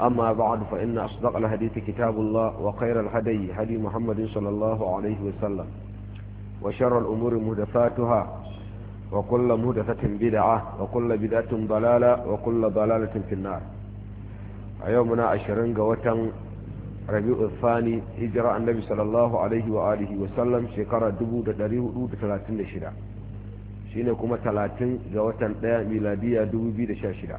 أما بعد فإن أصدق الحديث كتاب الله وخير الهدي هدي محمد صلى الله عليه وسلم وشر الأمور مهدفاتها وكل مهدفة بدعة وكل بدعة ضلالة وكل ضلالة في النار يومنا عشرين قوتا ربيع الثاني هجرة النبي صلى الله عليه وآله وسلم شكرا دبو دريه دو تلاتين شدا شينكم تلاتين قوتا ميلادية دبو بيد شاشدا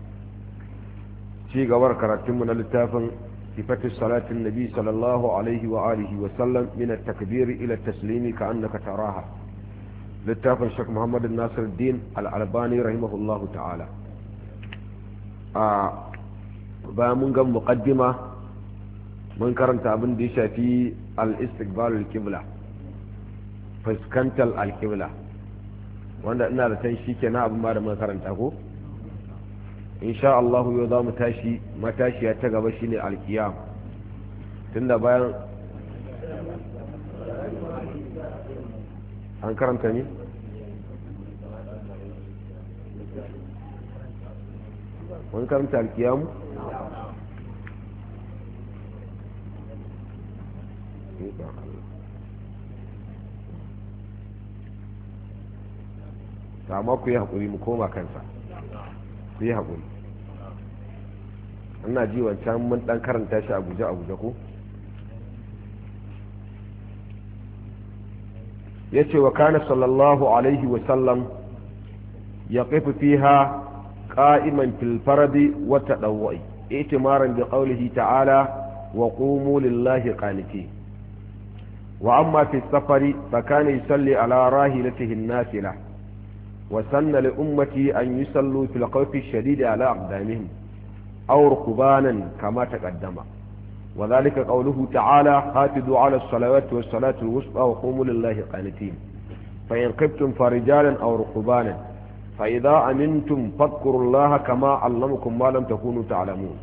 ci gabar karatunmu na littafin sifatu salatin nabi sallallahu alaihi wa alihi wa sallam min takbiri takbir ila taslimi ka annaka taraha littafin Sheikh Muhammad Nasir Din Al-Albani rahimahullahu ta'ala a bayan mun ga muqaddima mun karanta abin da ya shafi al-istiqbal al-qibla fuskantar al-qibla wanda ina da tan shikenan abin ma da mun karanta ko insha Allah yau za mu tashi matashiya ta gaba shi ne alkiyam tunda bayan an karanta ne wani karanta alkiyam ta ma ku yi haƙuri mu koma kansa ku yi haƙuri ana ji wancan mun ɗan karanta shi abuja abuja ko ya ce wa kane sallallahu alaihi wasallam ya ƙafi fiha ƙa'iman filfarabi wata ɗawai itimaran bi ƙaulihi ta'ala wa ƙumu lillahi ƙaliki wa amma fi safari fakane yusalli ala rahilatihin nafila wa sanna li ummati an yusallu fil ƙafi shadidi ala aqdamihim أو ركبانا كما تقدم وذلك قوله تعالى حافظوا على الصلوات والصلاة الوسطى وقوموا لله قانتين فإن قبتم فرجالا أو ركبانا فإذا أمنتم فاذكروا الله كما علمكم ما لم تكونوا تعلمون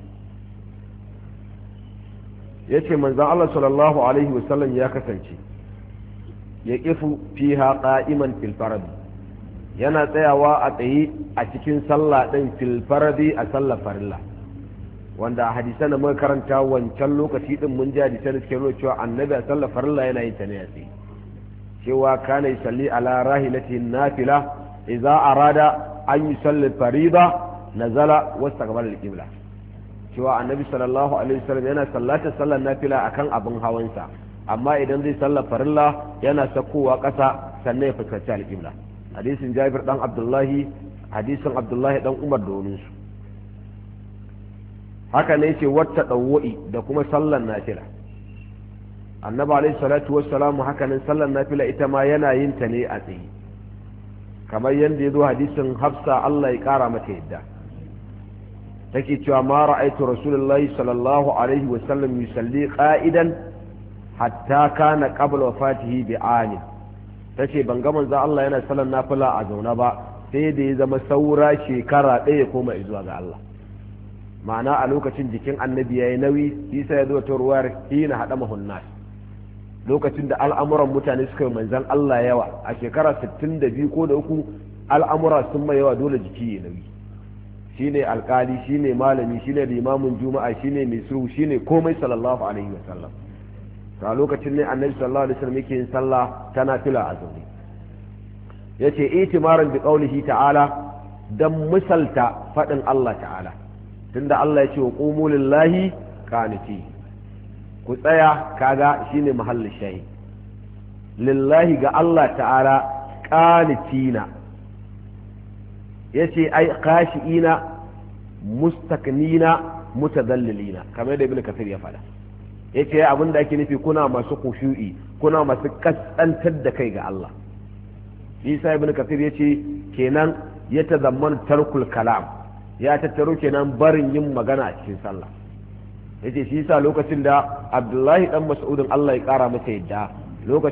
yace manzan Allah sallallahu alaihi wasallam ya kasance ya kifu fiha qa'iman fil farad yana tsayawa a tsaye a cikin sallah din fil faradi a sallar farilla wanda a hadisan da muka karanta wancan lokaci din mun ji hadisan da suke nuna cewa annabi a sallar farilla yana yin ta ne yatsi cewa kana salli ala rahilati nafila idza arada an yi salli fariba nazala gabar al-qibla cewa annabi sallallahu alaihi wasallam yana sallata sallar nafila akan abin hawansa amma idan zai sallar farilla yana sakowa kasa sannan ya fuskanci alƙibla hadisin jabir dan abdullahi hadisin abdullahi dan umar domin su haka ne ce wata ɗawo'i da kuma sallan nafila annaba alaihi salatu wassalamu haka sallan nafila ita ma yana yin ta ne a tsaye kamar yadda ya zo hadisin hafsa Allah ya kara mata yadda take cewa ma ra'aitu rasulullahi sallallahu alaihi wasallam yusalli qa'idan hatta kana qabla wafatihi bi amin tace ban ga manzo Allah yana sallan nafila a zauna ba sai da ya zama saura shekara ɗaya koma zuwa ga Allah ma'ana a lokacin jikin annabi ya yi nauyi isa ya zo ta ruwar hina haɗa mahunnas lokacin da al'amuran mutane suka yi manzan Allah yawa a shekara 62 ko da uku al'amura sun mai yawa dole jiki ya nauyi shine alkali shine malami shine limamin juma'a shine mai suru ne komai sallallahu alaihi wa sallam a lokacin ne annabi sallallahu alaihi wa wasallam yake yin sallah tana fila a zaune yace itimaran bi qaulihi ta'ala dan misalta fadin Allah ta'ala tunda Allah ya ce wa qumu lillahi qaniti ku tsaya kaga shine mahallin shahi lillahi ga Allah ta'ala qanitina yace ai qashiina mustaknina mutadallilina kamar da ibnu kasir ya faɗa yace abin da ake nufi kuna masu kushu'i kuna masu kaskantar da kai ga Allah isa ibnu kasir yace kenan ya zaman tarkul kalam ya tattaro kenan barin yin magana a cikin sallah yace shi yasa lokacin da Abdullahi dan Mas'udin Allah ya kara masa yadda